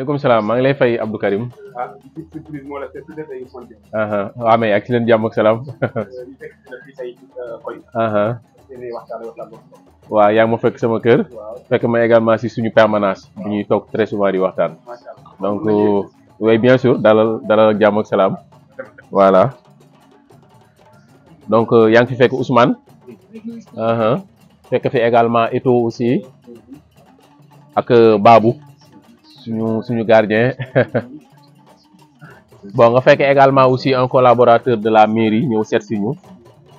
maaleykum salaam maa ngi lay fay Abdou Karim. ah di la mais ak si ak salaam. ah fekk yaa ma fekk sama kër. fekk ma également si suñu permanence. bu ñuy toog très souvent di waxtaan. donc bien sûr dalal dalal ak ak salaam. voilà donc yaa ngi fekk Ousmane. fekk fi également Eto aussi. ak suñu suñu gardien bon nga fekk également aussi un collaborateur de la mairie ñeu seet si ñu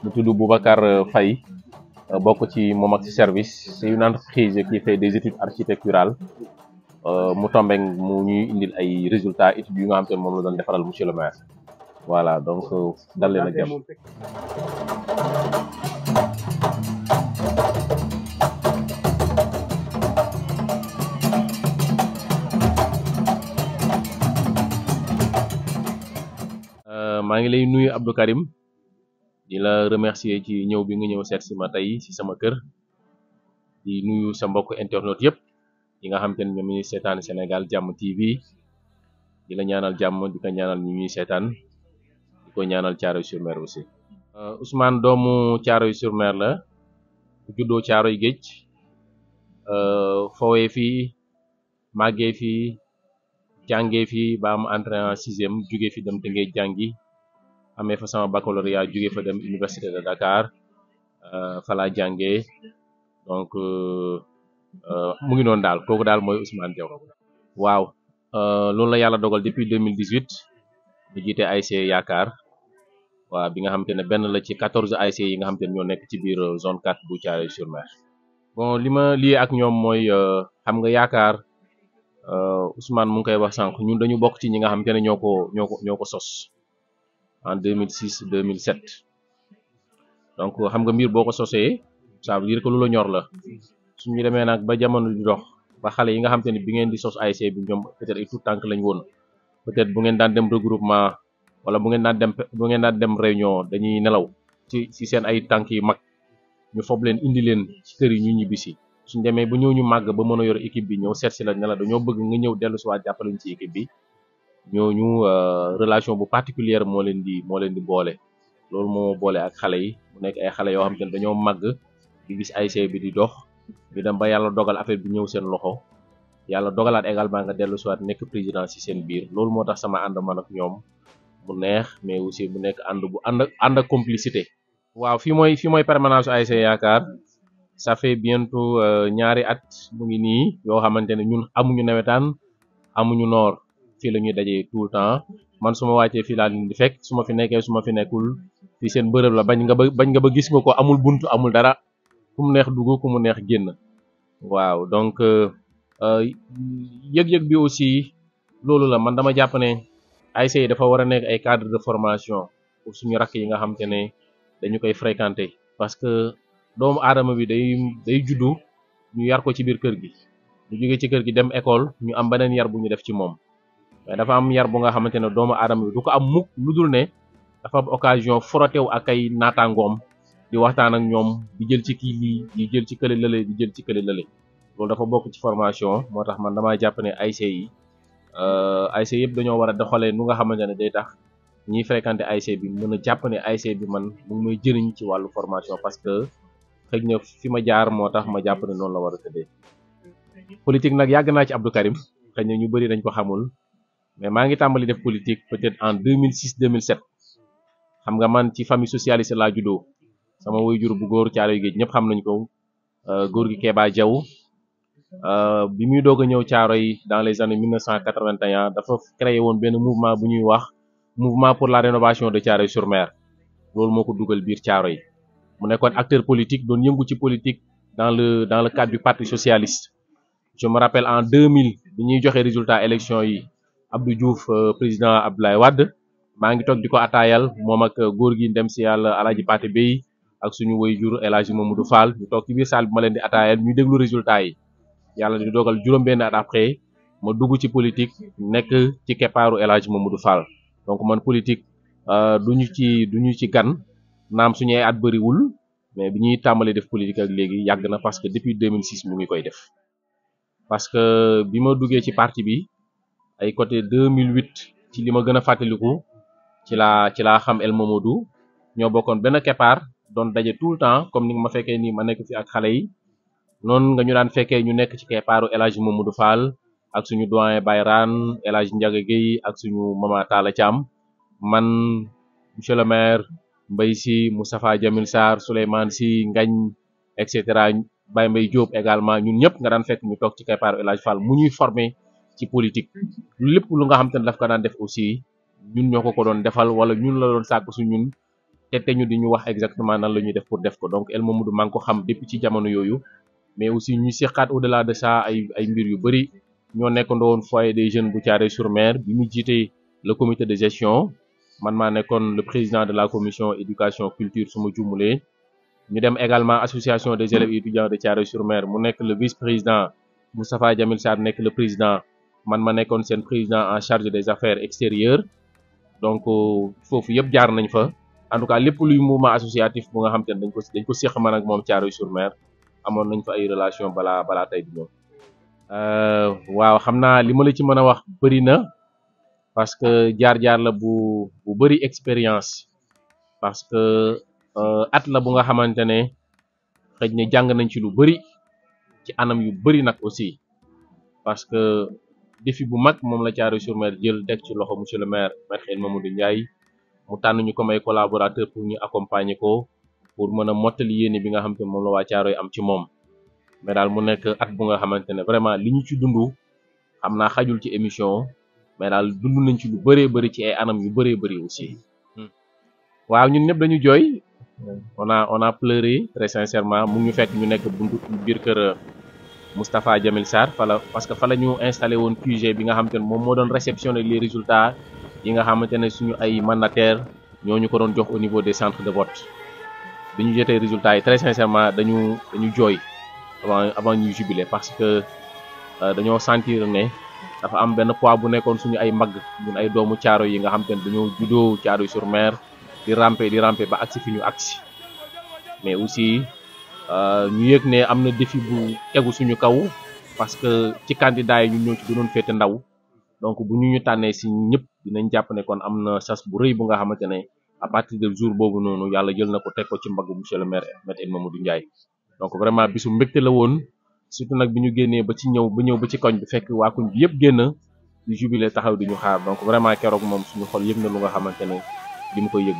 mu tudd Boubacar euh, Fay euh, bokku ci moom ak ci service c'est une entreprise qui fait des études architecturales euh, mu tombe mu ñuy indil ay résultats études yu nga xam te moom la doon defaral monsieur le maire voilà donc dal leen ak maa ngi lay nuyu Abdou Karim di la remercier ci ñëw bi nga ñëw seet si ma tey si sama kër di nuyu sa mbokk internet yëpp yi nga xam te ne ñoom ñuy seetaan Sénégal jàmm TV di la ñaanal jàmm di ko ñaanal ñu ñuy seetaan di ñaanal Thiaroye sur aussi. Euh, Ousmane doomu Thiaroye sur Mer la ku juddoo yi géej euh, fowee fii màggee fii jàngee fii ba am entrée en sixième jugee fi dem te ngay jàngi. amee fa sama baccalauréat jóge fa dem université de Dakar euh, fa laa donc euh, euh, mu ngi noonu daal kooku daal mooy Ousmane Diaw waaw loolu la yàlla dogal depuis 2018 mu jiite ASC Yaakaar waa bi nga xam te ne benn la ci ay ASC yi nga xam te ne ñoo nekk ci biir zone 4 bu thiaroye sur bon li ma lii ak ñoom mooy xam nga Yaakaar Ousmane mu ngi koy wax sànq ñun dañu bokk ci ñi nga xamante ne ñoo ñoo ko ñoo ko sos. en 2006 2007 donc xam nga mbir boko sosé ça veut dire que lula ñor la suñu démé nak ba jamono di dox ba xalé yi nga xamanteni bi ngeen di sos IC bi ñom peut-être ay tout tank lañ woon peut-être bu ngeen daan dem regroupement wala bu ngeen daan dem bu ngeen daan dem réunion dañuy nelaw ci ci seen ay tank yi mag ñu fop leen indi leen ci kër yi ñu ci suñu démé bu ñew ñu mag ba mëna yor équipe bi ñew sét ci la ñala dañoo bëgg nga ñew déllu ci wa jàppale ci équipe bi ñooñu euh, relation bu particulière moo leen di moo leen di boole loolu moo boole ak xale yi mu nekk ay xale yoo xam ne dañoo màgg di gis ASC bi di dox di dem ba yàlla dogal affaire bi ñëw seen loxo yàlla dogalaat également nga dellu siwaat nekk président si seen biir loolu moo tax sama ànd man ak ñoom mu neex mais aussi mu nekk ànd bu ànd ànd ak complicité waaw fii mooy fii mooy permanence yaakaar ça fait bientôt euh, ñaari at mu ngi nii yoo xamante ne ñun amuñu nawetaan amuñu noor fi la dajé dajee tout temps man suma wacce fi la laa leen di fekk fi nekké suma fi nekul fii seen bërëb la bañ nga bañ nga ba gis nga ko amul buntu amul dara kum neex dugg kum neex genn waaw donc euh, euh, yeg yeg bi aussi lolu la man dama japp né ASC yi dafa wara a nekk ay cadre de formation pour suñu rak yi nga xam ne dañu koy fréquenter parce que doomu aadama bi day day juddu ñu yar ko ci biir kër gi ñu joggé ci kër gi dem école ñu am benen yar bu ñu def ci mom mais dafa am yar bu nga xamante ne doomu aadama bi du ko am mukk lu dul ne dafa am occasion frotté wu ak ay naataangoom di waxtaan ak ñoom di jël ci kii lii di jël ci kële lële di jël ci kële lële loolu dafa bokk ci formation moo tax man damaa jàpp ne ASC yi euh, ASC yëpp dañoo war a doxalee nu nga xamante ne day tax ñiy fréquenté ASC bi mën a jàpp ne ASC bi man mu ngi may jëriñ ci wàllu formation parce que xëy na fi ma jaar moo tax ma jàpp ne noonu la war nag yàgg naa ci Abdou Karim ñu bëri dañ ko xamul mais maa ngi tàmbali def politique peut-être en 2006 2007 xam nga man ci famille socialiste laa juddoo sama wayjur bu góor caaroy géej ñëpp xam nañ ko euh, góor gi Keba Diaw euh, bi muy doog a ñëw caaroy dans les années 1981 dafa créé woon benn mouvement bu ñuy wax mouvement pour la rénovation de caaroy sur mer loolu moo ko dugal biir caaroy mu nekkoon acteur politique doon yëngu ci politique dans le dans le cadre du parti socialiste je me rappelle en 2000 bi ñuy joxe résultat élection yi Abdou Diouf euh, président Abdoulaye Wade maa ngi toog di ko ataayal moom ak euh, góor gi dem si yàlla Alaaji Paté Bey ak suñu waajur El Hadji moom Fall ñu toog ci biir ma leen di ataayal ñu déglu résultat yi yàlla di dogal juróom-benn après ma dugg ci politique nekk ci keppaaru El Hadji Mamadou Fall donc man politique euh, duñu ci duñu ci gan naam suñu ay at bëriwul mais bi ñuy tàmbalee def politique ak léegi yàgg na parce que depuis 2006 mu ngi koy def parce que bi ma duggee ci parti bi. ay côté 2008 ci lima gëna gën ci la ci la xam El Momodou ño bokkoon ben képar don dajé tout temps comme ni nga ma féké ni ma nek fi ak xalé yi non nga ñu daan féké ñu nek ci képaru El Momodou Fall ak suñu doyen Bayran El Ndiaga gey ak suñu mama tala cham man monsieur le maire mbay si Moustapha Jamil sar souleyman Si Ngagne et cetera bay mbay Diop également ñun ñëpp nga daan fekk ñu tok ci képaru El Fall mu ñuy former ci politique lépp lu nga xam te ne daf ko daan def aussi ñun ñoo ko ko doon defal wala ñun la doon sàkk su ñun te te di ñu wax exactement nan la ñuy def pour def ko donc El Mamadou maa ngi ko xam depuis ci jamono yooyu mais aussi ñu seqaat au delà de ça ay ay mbir yu bëri ñoo nekkandoo woon foyer des jeunes bu Thiaroye-sur-Mer bi mu jiitee le comité de gestion man maa nekkoon le président de la commission éducation culture suma ma ñu dem également association des élèves étudiants de Thiaroye-sur-Mer nekk le vice président Moustapha Jamil Sarr nekk le président man ma nekkoon seen président en charge des affaires extérieures donc euh, foofu yëpp jaar nañ fa en tout cas lépp luy mouvement associatif bu nga xam te dañ ko dañ ko séq man ak moom caaroy sur mer amoon nañ fa ay relation balaa balaa tey di ñëw euh, waaw xam naa li ma la ci mën a wax bëri na parce que jaar-jaar la bu bu bëri expérience parce que euh, at la bu nga xamante ne na jàng nañ ci lu bëri ci anam yu bëri nag aussi parce que défi bu mag moom la Thiaroye sur Mer jël teg ci loxo monsieur le maire maître El Mamadou Ndiaye mu tànn ñu comme ay collaborateur pour ñu accompagner ko pour mën a mottali yéene bi nga xam te moom la waa Thiaroye am ci moom mais daal mu nekk at bu nga xamante ne vraiment li ñu ci dund xam naa xajul ci émission mais daal dund nañ ci lu bëree bëri ci ay anam yu bëree bëri aussi hmm. waaw ñun ñëpp dañu jooy on a on a pleuré mu ñu fekk ñu nekk buntu biir Mustapha Jamil Sar, fala parce que fala ñu installé woon QG bi nga xamantene mom mo doon réceptionner les résultats yi nga xamantene suñu ay mandataires ñoo ñu ko doon jox au niveau des centres de vote biñu ñu résultats yi très sincèrement dañu dañu joy avant avant ñu jubiler parce que euh, dañoo sentir né dafa am benn poids bu nekkoon suñu ay mag ñun ay doomu caaro yi nga xamantene dañoo judo caaro sur mer di ramper di ramper ba aksi fi ñu mais aussi. Euh, ñu yëg ne am na défi bu tegu suñu kaw parce que ci candidat yi ñun ñoo ci gënoon féete ndaw donc bu ñu ñu tànnee si ñëpp dinañ jàpp ne kon am na sas bu rëy bu nga xamante ne à partir de jour boobu noonu yàlla jël na ko teg ko ci mbagg monsieur le maire Maître El Mamadou Ndiaye donc vraiment bisu mbégte la woon surtout nag bi ñu génnee ba ci ñëw ba ñëw ba ci koñ bi fekk waa koñ bi yëpp génn di jubilé taxaw di ñu xaar donc vraiment keroog moom suñu xol yëg na lu nga ne li koy yëg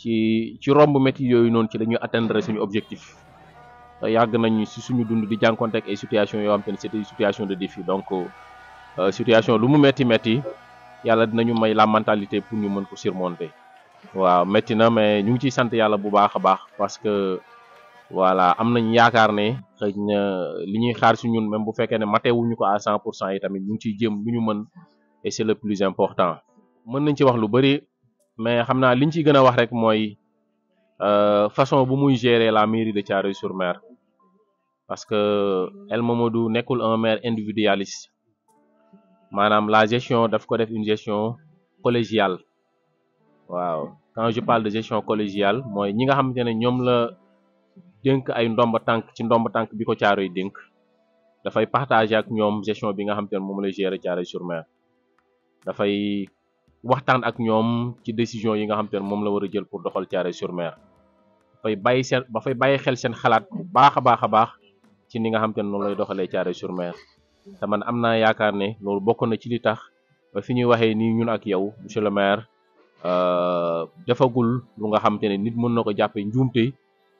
ci ci romb métti yooyu noonu ci la ñuy atteindre suñu objectif te yàgg nañ si suñu dund di jànkonte ak ay situation yoo xam te ne c'était situation de défi donc euh, euh situation lu mu métti métti yàlla dinañu may la mentalité pour ñu mën ko surmonter waaw métti na mais ñu ngi ciy sant yàlla bu baax a baax parce que voilà am nañ yaakaar ne xëy na li ñuy xaar si ñun même bu fekkee ne matewuñu ko à 100 pour cent yi tamit ñu ngi ciy jéem lu ñu mën et c'est le plus important mën nañ ci wax lu bëri mais xamna liñ ci gëna wax rek euh façon bu muy gérer la mairie de Thiaroy sur mer parce que El Mamadou nekul un maire individualiste manam la gestion daf ko def une gestion collégiale waaw quand je parle de gestion collégiale moy ñi nga xamante ne ñoom la dénk ay ndomba tank ci ndomba tank biko Thiaroy Thiaroye da fay partager ak ñom gestion bi nga xamante ne moom lay gérer Thiaroy sur mer fay waxtaan ak ñoom ci décision yi nga xam te ne moom la war a jël pour doxal caare sur mer dafay bàyyi seen fay bàyyi xel seen xalaat bu baax a baax a baax ci ni nga xam te ne noonu lay doxalee caare sur mer te man am naa yaakaar ne loolu bokk na ci li tax ba fi ñuy waxee nii ñun ak yow monsieur le maire euh, defagul lu nga xam te nit mën na ko jàppee njuumte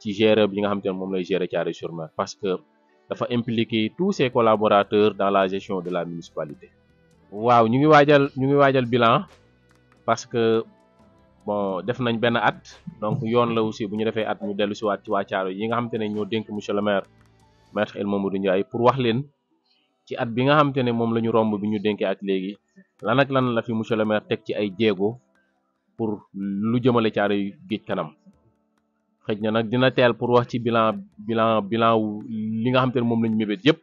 ci gérer bi nga xam te ne moom lay gérer caare sur mer parce que dafa impliquer tous ses collaborateurs dans la gestion de la municipalité waaw ñu ngi waajal ñu ngi waajal bilan parce que bon def nañ benn at donc yoon la aussi bu ñu defee at mu dellu si waat ci waa Thiaroye yi nga xamante ne ñoo dénk monsieur le maire maître El Mamadou Ndiaye pour wax leen ci at bi nga xamante ne moom la ñu romb bi ñu dénkee ak léegi lan ak lan la fi monsieur le maire teg ci ay jéego pour lu jëmale Thiaroye géej kanam xëj na nag dina teel pour wax ci bilan bilan bilan li nga xamte ne moom la ñu mébét yëpp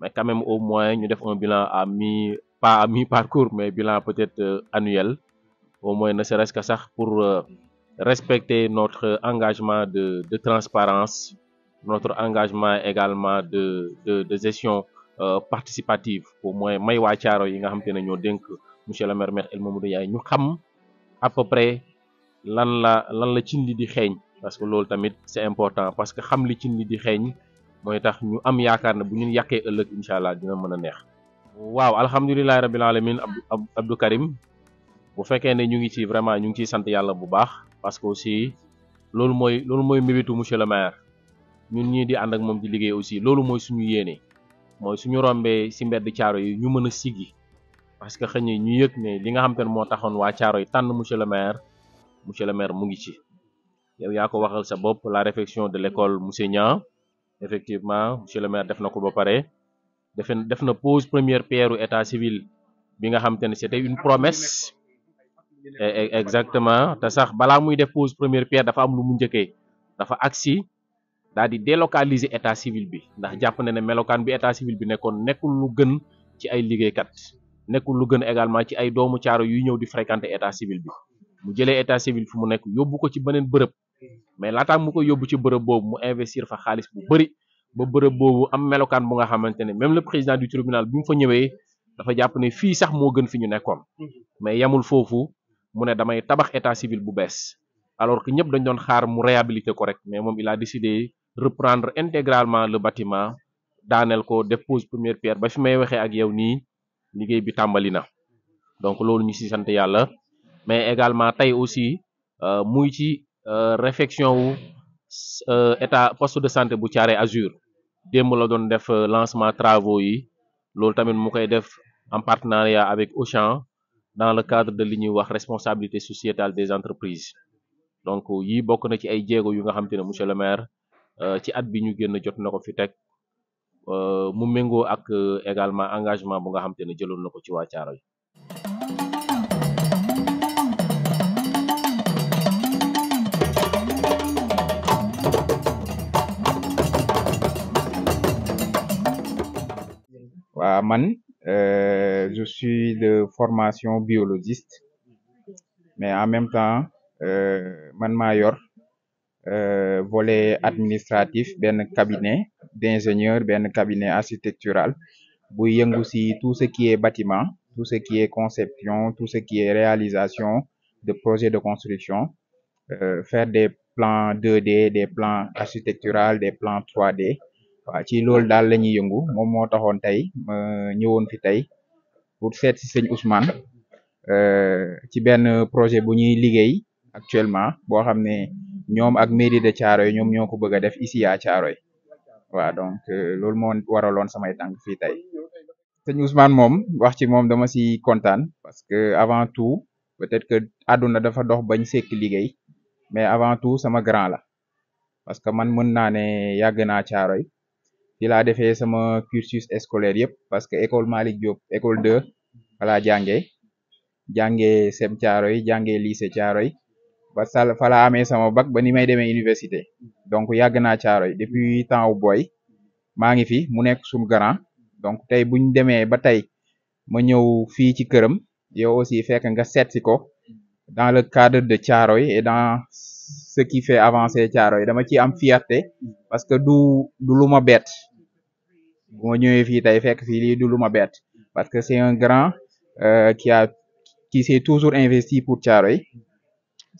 mais quand même au moins ñu def un bilan à mi pas mi parcours mais bilan peut-être euh, annuel au moins ne serait-ce que sax pour euh, respecter notre engagement de, de transparence, notre engagement également de, de, de gestion euh, participative. Au moins, may waa Thiaro yi nga xam te ñoo monsieur le maire maître El Mamadou Yaye ñu xam à peu près lan la lan la cin di xeeñ parce que loolu tamit c'est important parce que xam li cin di xeeñ moy tax ñu am yaakaar ne bu ñun yàqee ëllëg inshallah dina mëna neex. waaw alhamdulilah rabil alamin Abdou Karim. bu fekkee ne ñu ngi ci vraiment ñu ngi ciy sant yàlla bu baax parce que aussi loolu mooy loolu mooy monsieur le maire ñun ñii di ànd ak moom di liggéey aussi loolu mooy suñu yéene mooy suñu rombee si mbedd caaro yi ñu mën a siggi parce que xëy ñu yëg ne li nga xam te ne moo taxoon waa caaro yi tànn monsieur le maire monsieur le maire mu ngi ci yow yaa ko waxal sa bopp la réflexion de l'école monsieur Niang effectivement monsieur le maire def na ko ba pare def na pose première pierre état civil bi nga xam c'était une promesse Eh, eh, exactement ta sax bala muy def première pierre dafa am lu mu ñëkke dafa agsi daal délocaliser état civil bi ndax japp na ne melokaan bi état civil bi nekkoon nekkul lu gën ci ay kat nekkul lu gën également ci ay doomu caaro yu ñëw di fréquenter état civil bi mu jëlé état civil fu mu nekk yobbu ko ci benen bërëb mais laataa mu ko yobbu ci bërëb bobu mu investir fa xaalis bu bëri ba bërëb bobu am bu nga même le président du tribunal bi mu fa ñëwé dafa japp né fi sax mo gën fi ñu mm-hmm. mais yamul fofu mu ne damay tabax état civil bu bees alors que ñëpp dañ doon xaar mu réhabiliter ko rek mais moom il a décidé reprendre intégralement le bâtiment daaneel ko def pose première pierre ba fi may waxee ak yow nii liggéey bi tàmbali na donc loolu ñu ci sant yàlla mais également tey aussi euh, muy ci euh, réfection wu euh, état poste de santé bu Thiaré Azur démb la doon def lancement travaux yi loolu tamit mu koy def en partenariat avec Auchan dans le cadre de li ñuy wax responsabilité sociétale des entreprises donc yii bokk na ci ay jéego yu nga xamante ne monsieur le maire euh, ci at bi ñu génn jot na ko fi teg euh, mu méngoo ak euh, également engagement bu nga xamante ne jëloon na ko ci waa Thiaroye waa man Euh, je suis de formation biologiste, mais en même temps, euh, man euh, volet administratif ben cabinet d'ingénieur ben cabinet architectural bouillant aussi tout ce qui est bâtiment tout ce qui est conception tout ce qui est réalisation de projets de construction euh, faire des plans 2D des plans architecturaux des plans 3D waaw ci loolu daal la ñuy yëngu moom moo taxoon tey ma ñëwoon fi tey pour seet si sëñ Ousmane euh, ci benn projet bu ñuy liggéey actuellement boo xam ne ñoom ak mairie de Thiaroye ñoom ñoo ko bëgg a def ici à Thiaroye waaw donc euh, loolu moo waraloon samay tànk fii tey sëñ Ousmane moom wax ci moom dama si kontaan parce que avant tout peu être que àdduna dafa dox bañ sekk liggéey mais avant tout sama grand la parce que man mën naa ne yàgg naa Thiaroye dila défé sama cursus scolaire yépp parce que école Malick Diop école 2 falaa jangé jangé sem tiaroy jangé lycée tiaroy ba sal fala amé sama bac ba ni may demee université donc a naa Thiaroy depuis temps ans au boy ngi fi mu nek sum grand donc tay buñ démé ba tay ma ñëw fille ci kërëm yow aussi fekk nga seet ko dans le cadre de tiaroy et dans ce qui fait avancer tiaroy dama ci am fierté parce que du du luma ma bu ma ñëwee fii tey fekk fii parce que c'est un grand euh, qui a qui s'est toujours investi pour Thiaroye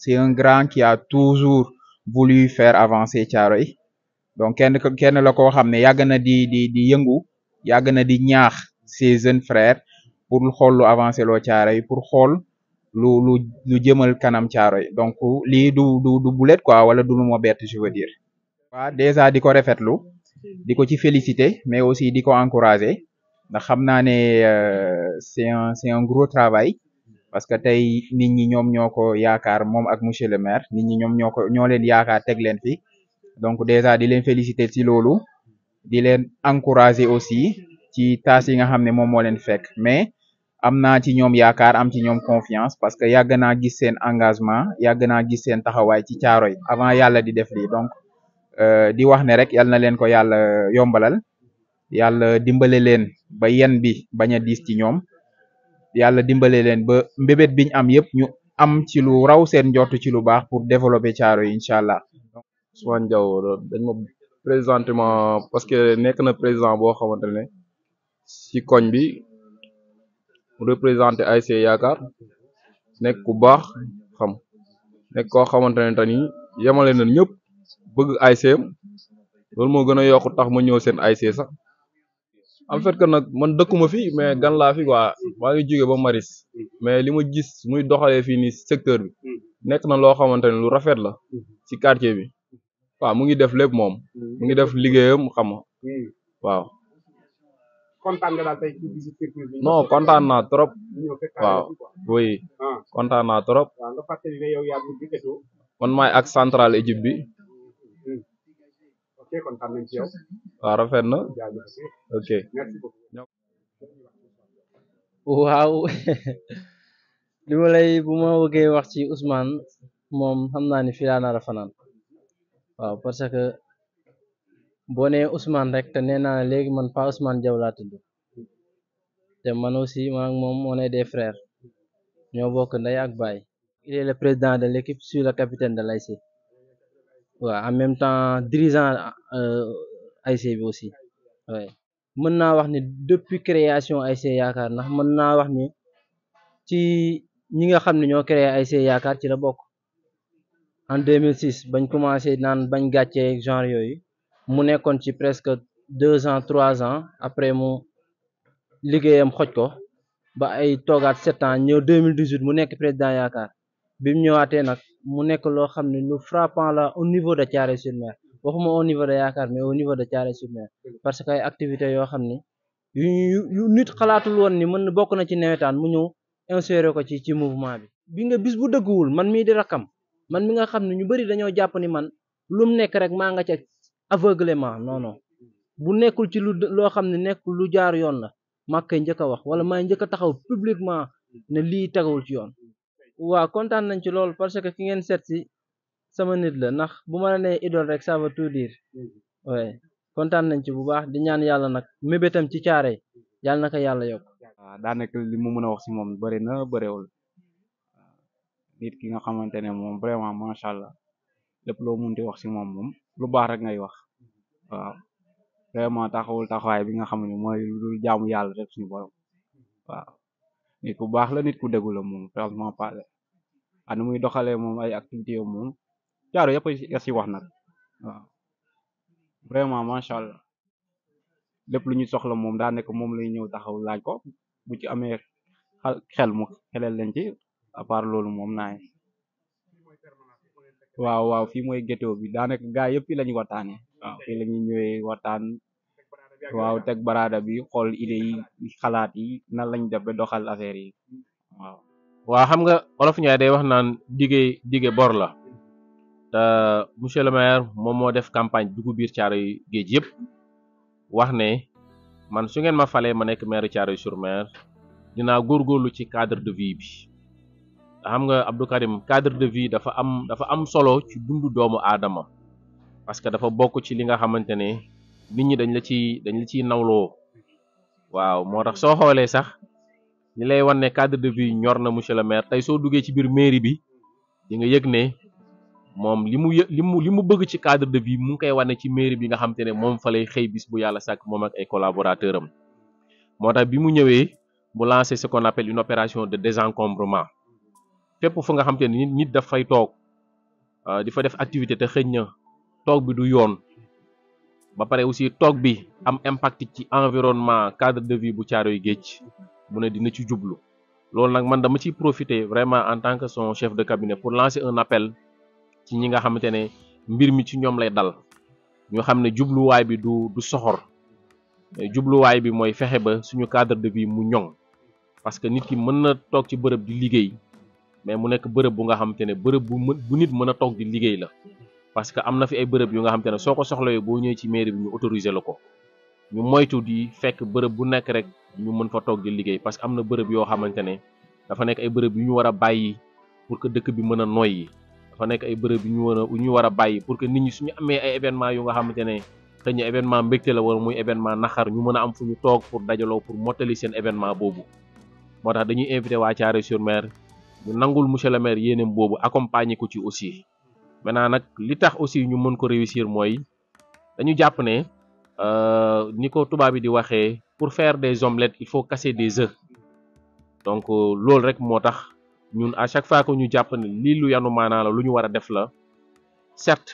c'est un grand qui a toujours voulu faire avancer Thiaroye donc kenn kenn la koo il y a na di di di yëngu yàgg na di ñaax ses jeunes frères pour le faire avancer le Thiaroye pour xool lu lu lu jëmal kanam Thiaroye donc li du du du bulet quoi wala du lu ma je veux dire. wa déjà diko refetlu diko ci féliciter mais aussi diko encourager ndax xamna né ne euh, c'est un c'est un gros travail parce que tay nit ñi ñom ñoko yaakar mom ak monsieur le maire nit ñi ñom ñoko ko ñoo leen yaakaar leen fi donc déjà di leen féliciter ci lolu di leen encourager aussi ci t'as yi nga xamné mom mo leen fekk mais amn'a ci ñom yaakar am ci ñom confiance parce que yàgg naa gis engagement yàgg naa gis seen taxawaay ci Caaroy avant yalla di def li donc Euh, di wax ne rek yal na leen ko yàlla yombalal yàlla dimbale leen ba yen bi bañ a diis ci ñoom yàlla dimbale leen ba mbébét biñ am yëpp ñu am ci lu raw seen njort ci lu baax pour développer caaro yi incha allah. Ousmane Diaw dañ ma parce que nekk na président boo xamante ne ci koñ bi représenté ASC Yaakaar nekk baax xam nekk koo xamante ne te na ñëpp. bëgg ASC am loolu moo gën a yokk tax ma ñëw seen ASC sax en fait que nag man dëkkuma fi mais gan laa fi waa maa ngi jóge ba Maris mais li ma gis muy doxalee fii nii secteur bi nekk na loo xamante ne lu rafet la ci quartier bi waaw mu ngi def lépp moom mu ngi def liggéeyam xam nga waaw. kontaan non kontaan naa trop. waaw oui ah. kontaan naa trop. man maay ak central Égypte bi. waaw rafet na waaw li lay bu bëggee wax ci Ousmane moom xam naa ni fii laa waaw parce que boo nee Ousmane rek te nee naa léegi man pas Ousmane Diaw laa tudd te man aussi man ak moom on est des frères ñoo bokk ndey ak baay il est président de l'équipe sur le de l'ASC waaw en même temps dirigeant Euh, ICB aussi Depuis la depuis création de Yakar, ndax mën en wax ci ñi créé IC Yakar. la en 2006 bañ commencé presque deux ans 3 ans après mon liggéeyam xoj ko ba ay à 7 ans En 2018 mu nekk président yakar bimu nak mu nekk lo xamni frappant la au niveau de carrière sur Mer waxuma au niveau de yaakaar mais au niveau de Thiaroye sur parce que ay activités yoo xam ne yu yu nit xalaatul woon ni mën bokk na ci nawetaan mu ñëw insérer ko ci ci mouvement bi. bi nga bis bu dëgguwul man mii di rakam man mi nga xam ne ñu bëri dañoo jàpp ni man lu mu nekk rek maa nga ca aveuglement non bu nekkul ci lu loo xam ne nekkul lu jaar yoon la maa koy njëkk a wax wala maa njëkk a taxaw publiquement ne lii tegawul ci yoon. Mm. waaw kontaan nañ ci loolu sama nit la ndax bu ma la nee idole rek ça veut tout dire oui kontaan nañ ci bu baax di ñaan yalla nak mebetam ci ciaré yalla naka yalla yok ah, da nek li mu mëna wax ci mom bari na wol nit ki nga xamantene mom vraiment ma sha allah lepp lo mun di wax ci mom mom lu baax rek ngay wax waaw vraiment taxawul taxaway bi nga xamni moy lu jaamu yalla rek suñu borom waaw nit ku baax la nit ku la ah, muy doxale mom ay activité mom jaaro yëpp a si wax nag waaw vraiment macha allah lépp lu ñu soxla moom daa nekk moom lay ñëw taxaw laaj ko bu ci amee xel mu xelal leen ci à loolu moom naay waaw waaw fii mooy e ghetto bi daa nekk gaa yëpp fii la ñu waxtaanee waaw waxtaan waaw teg baraada bi xool idée yi xalaat yi nan lañ def ba doxal affaire yi waaw. xam nga olof ñaay day wax naan dige dige la. te monsieur le maire moom moo def campagne dugub biir Caaroy géej yëpp wax ne man su ngeen ma falee ma nekk maire Caaroy sur Mer dinaa góorlu ci cadre de vie bi xam nga Abdou Karim cadre de vie dafa am dafa am solo ci dundu doomu aadama parce que dafa bokk ci li nga xamante ne nit ñi dañ la ci dañ la ciy nawloo waaw moo tax soo xoolee sax li lay wan ne cadre de vie ñor na monsieur le tey soo duggee ci biir maire bi di nga yëg ne mom limu limu limu bëgg ci cadre de vie mu ngi koy wane ci mairie bi nga xamantene mom ne moom fa lay xëy bis bu yalla sàkk mom ak ay collaborateur motax bi mu ñëwé bu lancer ce qu'on appelle une opération de désencombrement fep fu nga xamantene nit nit da fay tok ah, di fa def activité te xëñ na bi du yoon ba paré aussi tok bi am impact ci environnement cadre de vie bu Caaroy Géej mu ne dina ci jublu lool nak man dama ci profiter vraiment en tant que son chef de cabinet pour lancer un appel ci ñi nga xamante ne mbir mi ci ñoom lay dal ñu xam ne jubluwaay bi du du soxor jubluwaay bi mooy fexe ba suñu cadre de vie mu ñoŋ parce que nit ki mën na toog ci bërëb di liggéey mais mu nekk bërëb bu nga xamante ne bërëb bu mën bu nit mën a toog di liggéey la parce que am na fi ay bërëb yu nga xamante ne soo ko soxlawee boo ñëwee ci mairie bi ñu autorisé ko ñu moytu di fekk bërëb bu nekk rek ñu mën fa toog liggéey parce que am na bërëb yoo xamante ne dafa nekk ay bërëb yu ñu war a bàyyi pour que dëkk bi mën a noyyi dafa nekk ay bërëb yu ñu war ñu war a bàyyi pour que nit ñi suñu amee ay événement yu nga xamante ne xëy na événement mbégte la wala muy événement naxar ñu mën a am fu ñu toog pour dajaloo pour mottali seen événement boobu moo tax dañuy invité waa Thiaroye sur Mer ñu nangul monsieur le maire yéeneem boobu accompagner ko ci aussi maintenant nag li tax aussi ñu mën ko réussir mooy dañu jàpp ne euh, ni ko tubaab bi di waxee pour faire des omelettes il faut case des œufs donc euh, loolu rek moo tax ñun à chaque fois que ñu japp ni li lu yanu maanaa la lu ñu def la certes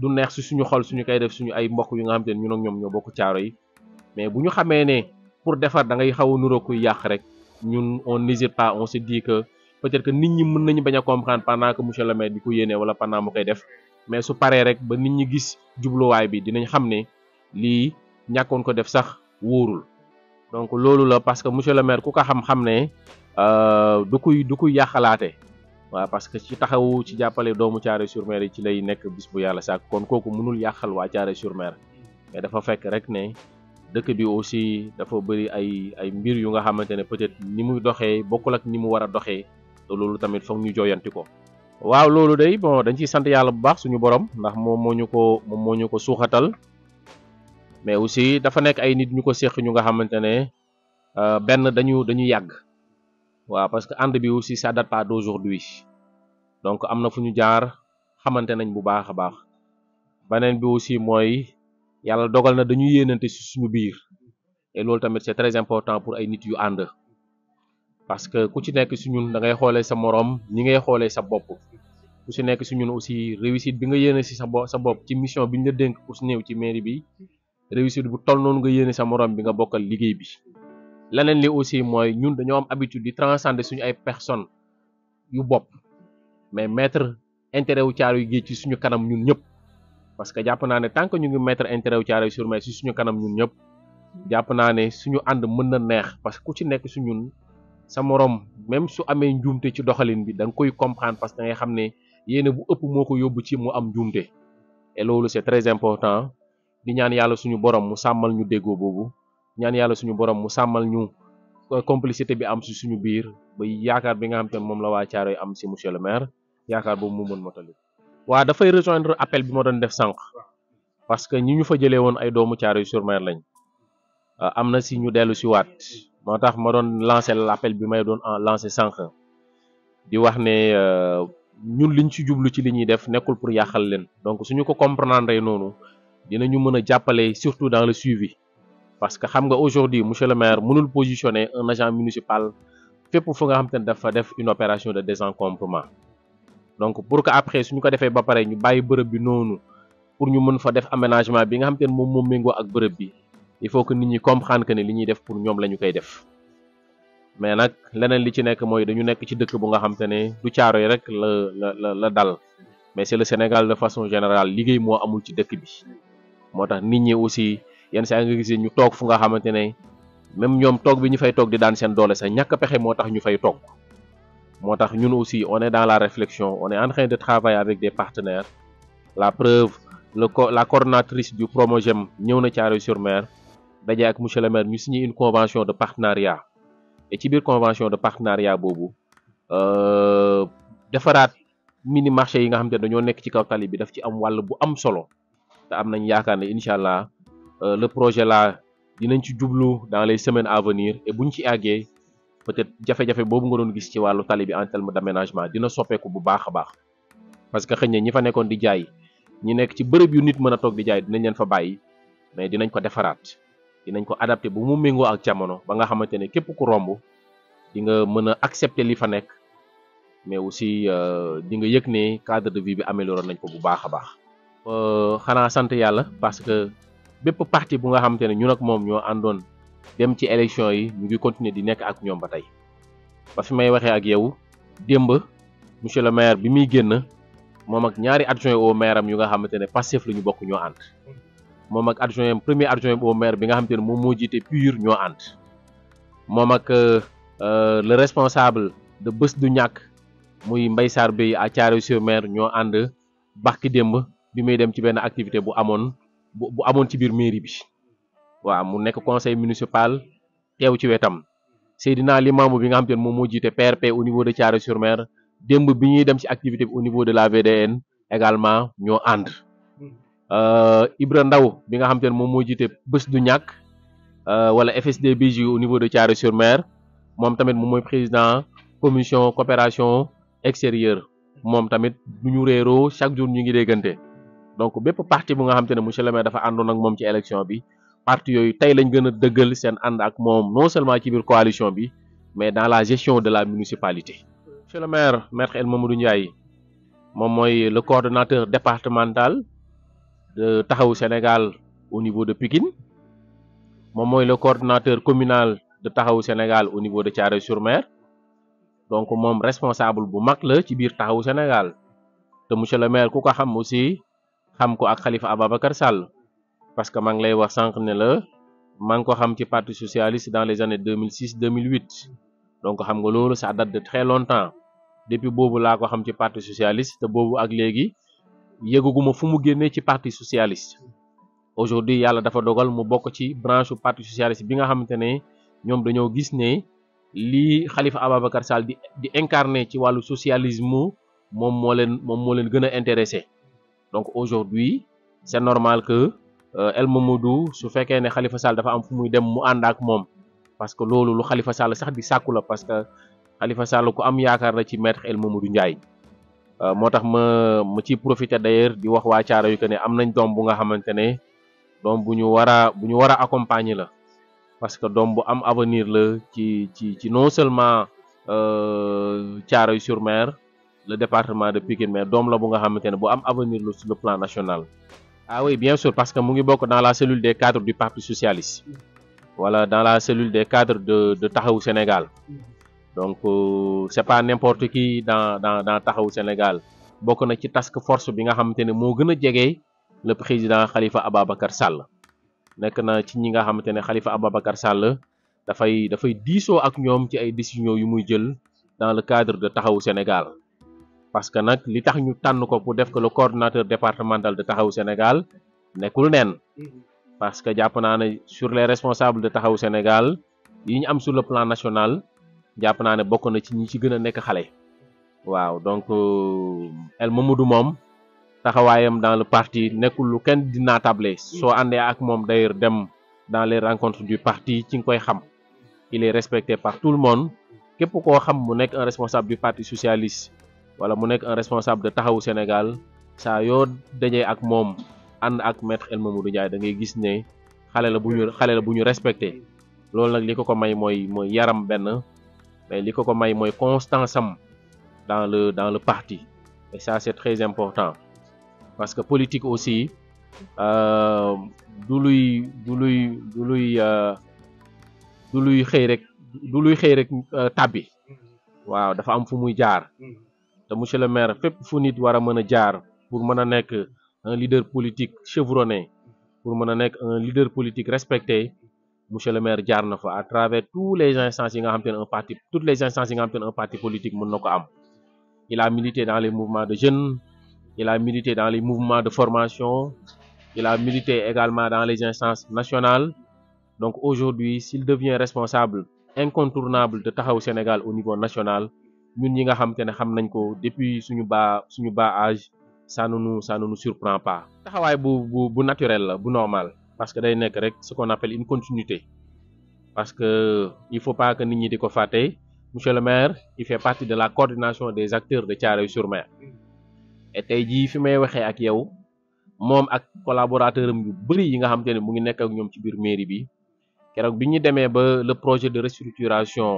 du neex ci suñu xol suñu kay def suñu ay mbokk yu nga xam te ñun ak ñom ñoo bokku ciaro yi mais buñu xamé né pour defar da ngay xaw nuro nuroo yak rek ñun on n'hésite pas on se dit que peut-être que nit ñi mën nañu baña comprendre pendant que monsieur le maire di ko wala pendant mu koy def mais su paré rek ba nit ñi gis way bi dinañ xamné ne ñakoon ko def sax wourul donc loolu la parce que monsieur le maire ku ko xam-xam ne euh, du kuy du kuy yàqalaate waaw parce que ci taxawu ci jàppale doomu caare sur mer yi ci lay nekk bis bu yàlla sàkk kon kooku mënul yàqal waa caare sur mer mais dafa fekk rek ne dëkk bi aussi dafa bëri ay ay mbir yu nga xamante ne peut être ni muy doxee bokkul ak ni mu war a doxee te loolu tamit foog ñu jooyanti ko waaw loolu day bon dañ ciy sant yàlla bu baax suñu borom ndax moom moo ñu ko moom moo ñu ko suuxatal mais aussi dafa nek ay nit ñuko ko ñu nga xamantene euh ben dañu dañu yag wa parce que and bi aussi ça date pas d'aujourd'hui donc amna fuñu jaar xamante nañ bu baaxa baax banen bi aussi moy yalla dogal na dañu yéenante ci suñu biir et lool tamit c'est très important pour ay nit yu and parce que ku ci nek ci ñun da ngay xolé sa morom ñi ngay xolé sa bop ku ci nek si ñun aussi réussite bi nga yéene ci sa bop ci mission bi dénk pour ci ci mairie bi réussite bu toll noonu nga yéene sa morom bi nga bokkal liggéey bi leneen li aussi mooy ñun dañoo am habitude di transcender suñu ay personnes yu bopp mais mettre intérêt wu caaro yu géej ci suñu kanam ñun ñëpp parce que jàpp naa ne tant que ñu ngi mettre intérêt wu caaro yu suñu kanam ñun ñëpp jàpp naa ne suñu ànd mën na neex parce que ku ci nekk su ñun sa morom même su amee njuumte ci doxalin bi da nga koy comprendre parce que da ngay xam ne yéene bu ëpp moo ko yóbbu ci mu am njuumte loolu c'est très important di ñaan yalla suñu borom mu samal ñu déggo musamal ñaan yalla suñu borom mu samal ñu euh, complicité bi am ci suñu biir ba yaakar bi nga xam te la am si monsieur le maire yaakar bu mu mën wa da fay rejoindre appel bi mo doon def sank parce que ñi ñu fa jëlé won ay doomu ciaro sur maire lañ euh, amna ci ñu délu ci wat motax ma doon lancer l'appel bi may doon lancer sank di wax né euh, ñun liñ ci jublu ci def nekul pour yaxal len donc suñu ko comprendre nonu dinañu mën a jàppale surtout dans le suivi parce que xam nga aujourd'hui monsieur le maire mënul positionner un agent municipal fépp fu nga xam te dafa def une opération de désencombrement donc pour que après suñu ko defee ba pare ñu bàyyi bërëb bi noonu pour ñu mën fa def aménagement bi nga xam te ne moom moom méngoo ak bërëb bi il faut que nit ñi comprendre que ne li ñuy def pour ñoom la ñu koy def mais nag leneen li ci nekk mooy dañu nekk ci dëkk bu nga xam te ne du caaro rek la la la dal mais c'est le Sénégal de façon générale liggéey moo amul ci dëkk bi motax nit ñi aussi yeen saa nga gis ñu tok fu nga xamantene même ñom tok bi ñu fay tok di daan seen doole sa ñàkk pexé motax ñu fay tok motax ñun aussi on est dans la réflexion on est en train de travailler avec des partenaires la preuve le co la coordinatrice du Promogem ñëw na Thiaroye-sur-Mer daje ak monsieur le maire ñu signé une convention de partenariat et ci bir convention de partenariat euh defaraat mini marché yi nga xamantene dañu dañoo nekk ci kaw tali bi daf ci am wàll bu am solo te am nañ yaakaar ne incha allah euh, le projet la dinañ ci jublu dans les semaines à venir et buñ ci àggee peut-être jafe-jafe boobu nga doon gis ci wàllu tali bi en terme dina soppeeku bu baax a baax parce que xëy na ñi fa nekkoon di jaay ñi nekk ci bërëb yu nit mën a toog di jaay dinañ leen fa bàyyi mais dinañ ko defaraat dinañ ko adapté bu mu méngoo ak jamono ba nga xamante ne képp ku romb di nga mën a accepter li fa nekk mais aussi euh, di nga yëg ne cadre de vie bi amélioré nañ ko bu baax a baax. Euh, xanaa sant yàlla parce que bépp parti bu nga te ne ñu ak moom ñoo àndoon dem ci élection yi ñu ngi continuer di nekk ak ñoom ba tey ba fi may waxee ak yow démb monsieur le maire bi muy génn moom ak ñaari adjoint au maire am yu nga te ne Pastef la ñu bokk ñoo ànd moom ak adjoint premier adjoint au maire bi nga xamante ne moom moo jiite PUR ñoo ànd moom ak euh, le responsable de bés du ñàkk muy Mbaye Sarr Bey à sur Mer ñoo ànd bakki bi muy dem ci benn activité bu amoon bu amoon ci biir mairie bi waaw mu nekk conseil municipal teew ci wetam Seydina Limamou bi nga xam te moom moo jiite PRP au niveau de thiaroye sur démb bi ñuy dem ci activité au niveau de la VDN également ñoo ànd euh, Ibra Ndaw bi nga xam te ne moom moo jiite bés du ñàkk euh, wala FSD BJ au niveau de Thiaroye-sur-Mer moom tamit moom mooy président commission coopération extérieure moom tamit du ñu réeroo chaque jour ñu ngi déggante donc bépp parti bu nga xam te ne monsieur le maire dafa àndoon ak moom ci élection bi parti yooyu tey lañ gën a dëggal seen ànd ak moom non seulement ci biir coalition bi mais dans la gestion de la municipalité. monsieur le maire maître El Mamadou Ndiaye moom mooy le coordinateur départemental de Taxawu Sénégal au niveau de Pikine moom mooy le coordonnateur communal de Taxawu Sénégal au niveau de Thiaroye-sur-Mer donc moom responsable bu mag la ci biir Taxawu Sénégal te monsieur ku ko xam aussi. xam ko ak xalifa Ababacar Sall parce que maa ngi lay wax sànq ne la maa ngi ko xam ci parti socialiste dans les années 2006 2008 donc xam nga loolu ça date de très longtemps depuis boobu laa ko xam ci parti socialiste te boobu ak léegi yëgaguma fu mu génnee ci parti socialiste aujourd'hui yàlla dafa dogal mu bokk ci branche parti socialiste bi nga xamante ne ñoom dañoo gis ne lii xalifa Ababacar Sall di di ci wàllu socialisme moom moo leen moom moo leen gën a intéressé donc aujourd'hui c'est normal que euh, El Mamadou su fekkee ne xalifa Sall dafa am fu muy dem mu ànd ak moom parce que loolu lu xalifa Sall sax di sàkku la parce que Khalifa Sall ku am yaakaar la ci maître El Mamadou Ndiaye euh, moo tax ma ma ci profiter d'ailleurs di wax waa Caaro yu ko ne am nañ doom bu nga xamante ne doom bu ñu war a bu ñu war a accompagner la parce que doom bu am avenir la ci ci ci non seulement euh, Thiaroye yu Mer le département de Pikine mais dom la bu nga xamante bu am avenir sur le plan national. ah oui bien sûr parce que mu dans la cellule des cadres du parti socialiste. Voilà, dans la cellule des cadres de de Taxawu Sénégal. donc euh, ce n'est pas n'importe qui dans dans dans Sénégal bokk na ci task force bi nga xamante mo le président Khalifa Ababakar Sall. Nek na ci ñi nga Khalifa Ababakar Sall da fay diso ak ñom ci ay décisions yu muy jël dans le cadre de Taxawu Sénégal. parce que nak li tax ñu tann ko pour def ko le coordinateur départemental de taxaw Sénégal nekul nen parce que japp sur les responsables de taxaw Sénégal yi ñu am sur le plan national japp naa ne bokk na ci ñi ci gëna nek xalé waaw donc euh, El Mamadou mom taxawayam dans le parti nekul lu kenn di tablé so andé ak mom d'ailleurs dem dans les rencontres du parti ci nga koy xam il est respecté par tout le monde képp ko xam mu nek un responsable du parti socialiste wala mu nek un responsable de taxaw Sénégal sa yo dajé ak mom and ak maître El Mamadou Ndiaye da ngay gis né xalé la buñu xalé la buñu ñu respecté loolu nag ko may moy moy yaram ben mais li ko may moy constance am dans le dans le parti et ça c'est très important parce que politique aussi euh, du luy du luy du luy euh, du luy xëy rek du luy xëy rek euh, tabbi mm-hmm. waaw dafa am fu muy jaar mm-hmm. monsieur le maire fu nit pour meuna un leader politique chevronné pour meuna un leader politique respecté monsieur le maire à travers tous les instances yi nga un parti toutes les instances yi nga un parti politique il a milité dans les mouvements de jeunes il a milité dans les mouvements de formation il a milité également dans les instances nationales donc aujourd'hui s'il devient responsable incontournable de au Sénégal au niveau national ñun ñi nga xam xam nañ ko depuis suñu ba suñu ba âge ça ne nous surprend pas. taxaway bu bu naturel la bu normal parce que day nekk rek ce qu'on appelle une continuité parce que il faut pas que nit ñi diko faté monsieur le maire il fait partie de la coordination des acteurs de Thiaroye-sur-Mer et tay ji fi may waxee ak yow mom ak collaborateurum yu bari yi nga xam mu ngi nekk ak ñom ci biir mairie bi kérok biñu démé ba le projet de restructuration.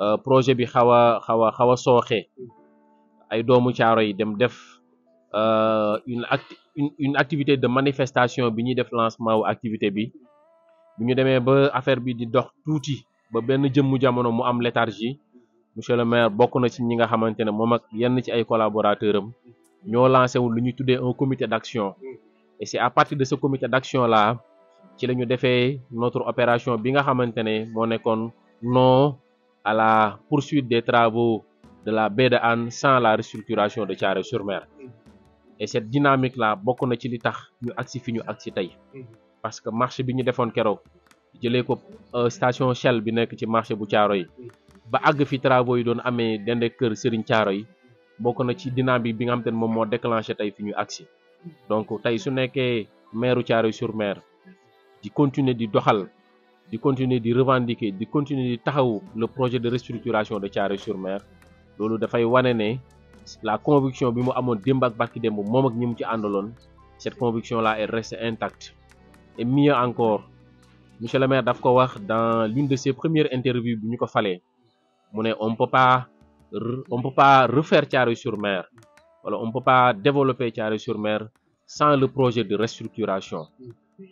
Euh, projet bi xawa xawa xawa a sooxe ay doomu caaro yi dem def euh, une acti une activité de manifestation bi ñuy def lancement wu activité bi bi ñu demee ba affaire bi di dox tuuti ba benn jëmmu jamono mu am léthargie monsieur le maire bokk na ci ñi nga xamante ne moom ak yenn ci ay collaborateur am ñoo lancé wu lu ñuy tuddee un comité d'action et c'est à partir de ce comité d'action là ci la ñu defee notre opération bi nga xamante ne moo nekkoon non à la poursuite des travaux de la baie de Hann sans la restructuration de Thiaroye-sur-Mer et cette dynamique là bokk na ci li tax ñu agsi fi ñu agsi parce que marché bi ñu defoon keroog jëlee ko euh, station Shell bi nekk ci marché bu Thiaroye ba ag fi travaux yi doon amé dende keur Serigne Thiaroye bokk na ci dynamique bi nga xam te ne moom moo déclenché tey fi donc tay su nekkee meeru Thiaroye-sur-Mer di continuer di doxal de continuer de revendiquer de continuer de taxawu le projet de restructuration de Thiaroye-sur-Mer da nous wané né la conviction bi mu amoon démb ak barki ak cette conviction là elle reste intacte et mieux encore monsieur le maire daf ko dans l'une de ses premières interviews bi ñu ko falee ne peut pas on peut pas refaire Thiaroye-sur-Mer on ne peut pas développer Thiaroye-sur-Mer sans le projet de restructuration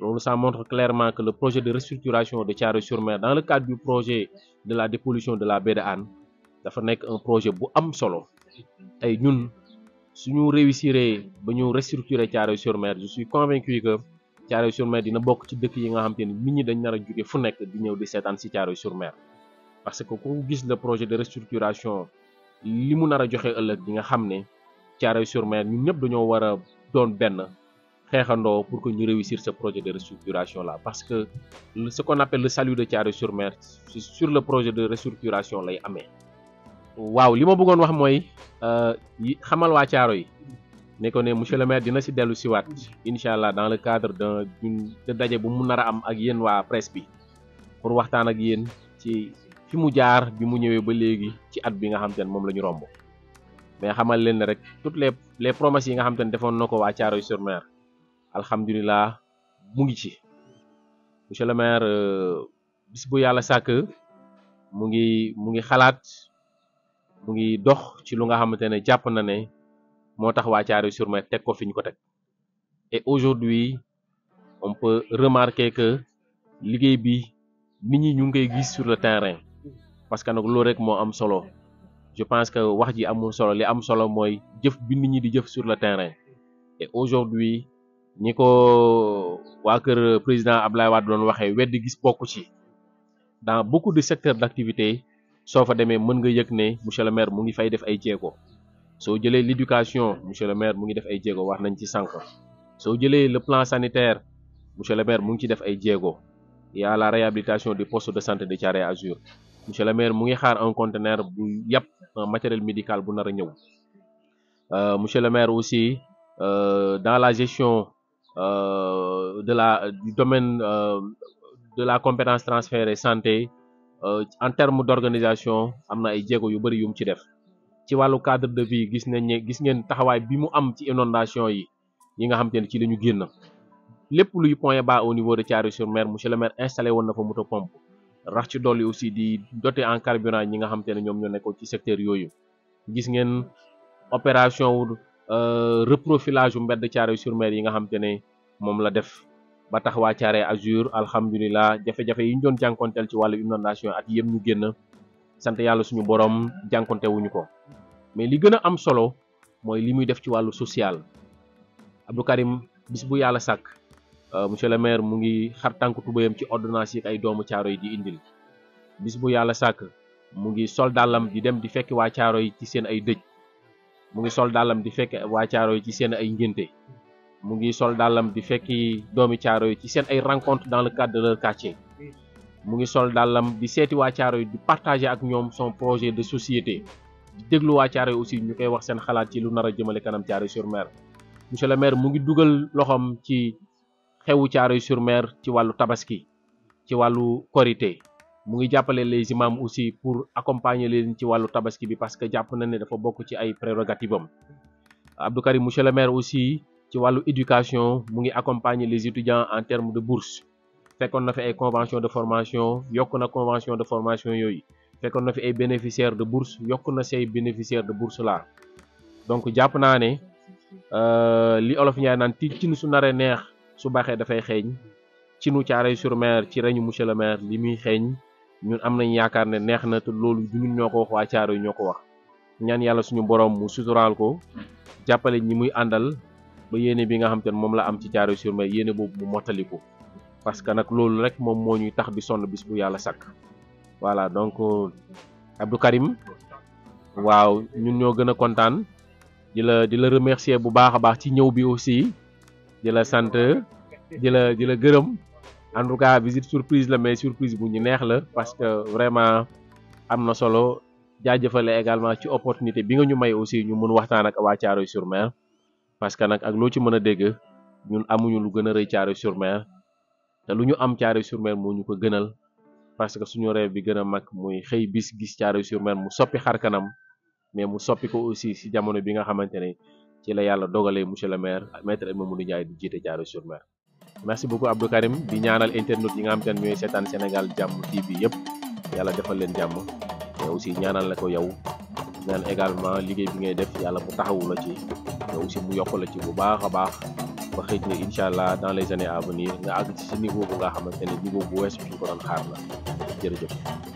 donc ça montre clairement que le projet de restructuration de Thiara sur mer dans le cadre du projet de la dépollution de la baie de anne est un projet bu am solo si nous suñu nous ba à restructurer Thiara sur mer je suis convaincu que Thiara sur mer dina un ci dëkk yi nga important pour nous. nit ñi dañ nar fu di sur mer parce que ku gis le projet de restructuration li mu nara très important, c'est di nga sur mer ñun ñëpp dañoo wara a doon benn xeexandoo pour que ñu réussir ce projet de restructuration là parce que ce qu'on appelle le salut de Thiaroye-sur-Mer sur le projet de restructuration lay amee waaw li ma bëggoon wax mooy euh, xamal waa Thiaroye ne ko ne monsieur le maire dina si dellu siwaat incha allah dans le cadre d'un de daje bu mu nar a am ak yéen waa presse bi pour waxtaan ak yéen ci fi mu jaar bi mu ñëwee ba léegi ci at bi nga xam te moom la ñu romb mais xamal leen ne rek toutes les les promesses yi nga xam te ne defoon na ko waa sur mer alhamdulillah mu ngi ci monsieur le maire euh, bis bu yalla sak mu ngi mu ngi xalat mu ngi dox ci lu nga xamantene japp na ne motax wa sur Mer tek ko fiñ ko tek et aujourd'hui on peut remarquer que liguey bi nit ñi ñu ngi gis sur le terrain parce que nak lo rek mo am solo je pense que wax ji amul solo li am solo moy jëf bi nit ñi di jëf sur le terrain et aujourd'hui ni ko wa keur président Abdoulaye Wade doon waxee weddi gis bokku ci dans beaucoup de secteurs d'activité soo fa demee mën nga yëg ne monsieur le maire mu ngi fay def ay jéego so jëlé l'éducation monsieur le maire mu ngi def ay jéego wax nañ ci sànq so jëlé le plan sanitaire monsieur le maire mu ngi ci def ay jéego y a la réhabilitation du poste de santé de Thiaroye Azur monsieur le maire mu ngi xaar un conteneur bu yapp matériel médical bu nara a euh monsieur le maire aussi euh, dans la gestion Euh, de la euh, du domaine euh, de la compétence transférée santé en terme d'organisation am na ay jéego yu bari yu ci def ci wàllu cadre de vie gis nañ ne gis ngeen taxawaay bi mu am ci inondation yi ñi nga xam te ne ci la ñu génn lépp luy point bas au niveau de Thiaroye-sur-Mer monsieur le maire installé woon na fa moto pompe rax ci yi aussi di doté en carburant ñi nga xam te ne ñoom ñoo nekkoon ci secteur yooyu gis ngeen opération wu Euh, reprofilage u mbedd ciaré sur mer yi nga xam la def ba tax wa ciaré azur alhamdullilah jafe-jafe yi ñu doon jankontel ci walu inondation at yëm ñu genn sant yalla suñu borom jankonté wuñu ko mais li gëna am solo moy li muy def ci walu social abdou karim bis bu sak euh monsieur le maire mu ngi xar tànk tubayam ci ordonnance yi ay doomu caaro di indil bis bu yalla sak mu ngi sol dalam di dem di fekk wa ci seen ay deej mu ngi sol dàllam di fekk waa caaro yi ci seen ay ngénte mu ngi sol dàllam di fekki doomi caaro yi ci seen ay rencontre dans le cadre de leur quartier mu ngi sol dàllam di seeti waa caaro yi di partager ak ñoom son projet de société di déglu waa caaro yi aussi ñu koy wax seen xalaat ci lu nar a jëmale kanam caaro yi sur monsieur le maire mu ngi dugal loxoom ci xewu caaro yi sur ci wàllu tabaski ci wàllu korité mu ngi jàppale les imams aussi pour accompagner leen ci wàllu tabaski bi parce que jàpp na ne dafa bokk ci ay prérogative am Abdou Karim monsieur le maire aussi ci wàllu éducation mu ngi accompagner les étudiants en termes de bourse fekkoon na fi ay convention de formation yokk na convention de formation yooyu fekkoon na fi ay bénéficiaires de bourse yokk na say bénéficiaires de bourse là donc jàpp naa ne euh, li olof ñaay naan ti cin su naree neex su baaxee dafay xeeñ cinu Thiaroye sur Mer ci reñu monsieur le maire li muy xeeñ ñun am nañ yaakaar ne neex na te loolu du ñun ñoo ko wax waa caaro yi ñoo ko wax ñaan yàlla suñu boroom mu suturaal ko jàppale ñi muy àndal ba yéene bi nga xam te ne moom la am ci caaro sur mer yéene boobu mu mottali ko parce que nag loolu rek moom moo ñuy tax bi sonn bis bu yàlla sakk voilà donc Abdou Karim waaw ñun ñoo gën a kontaan di la di la remercier bu baax a baax ci ñëw bi aussi di la sant di la di la gërëm. en tout cas visite surprise la mais surprise bu ñu neex la parce que vraiment am na solo jaajëfale également ci opportunité bi nga ñu may aussi ñu mun waxtaan ak waa Thiaroye sur Mer que nag ak loo ci mën a dégg ñun amuñu lu gën a rëy Thiaroye sur te lu ñu am caari sur moo ñu ko gënal parce que suñu rêve bi gën a mag muy xëy bis gis Thiaroye sur Mer mu soppi xar kanam mais mu soppi ko aussi si jamono bi nga xamante ne ci la yàlla dogalee monsieur le maire maître Mamadou Ndiaye di jiite Thiaroye sur Mer merci beaucoup Abdou Karim di ñaanal internet yi nga am te ne ñooy seetaan Sénégal jàmm TV yëpp yàlla defal leen jàmm mais aussi ñaanal na ko yow ñaan également liggéey bi ngay def yàlla mu taxawu la ci mais aussi mu yokk la ci bu baax a baax ba xëy na incha allah dans les années à venir nga àgg ci si niveau bu nga xamante ne niveau bu weesu fi ñu ko doon xaar la jërëjëf.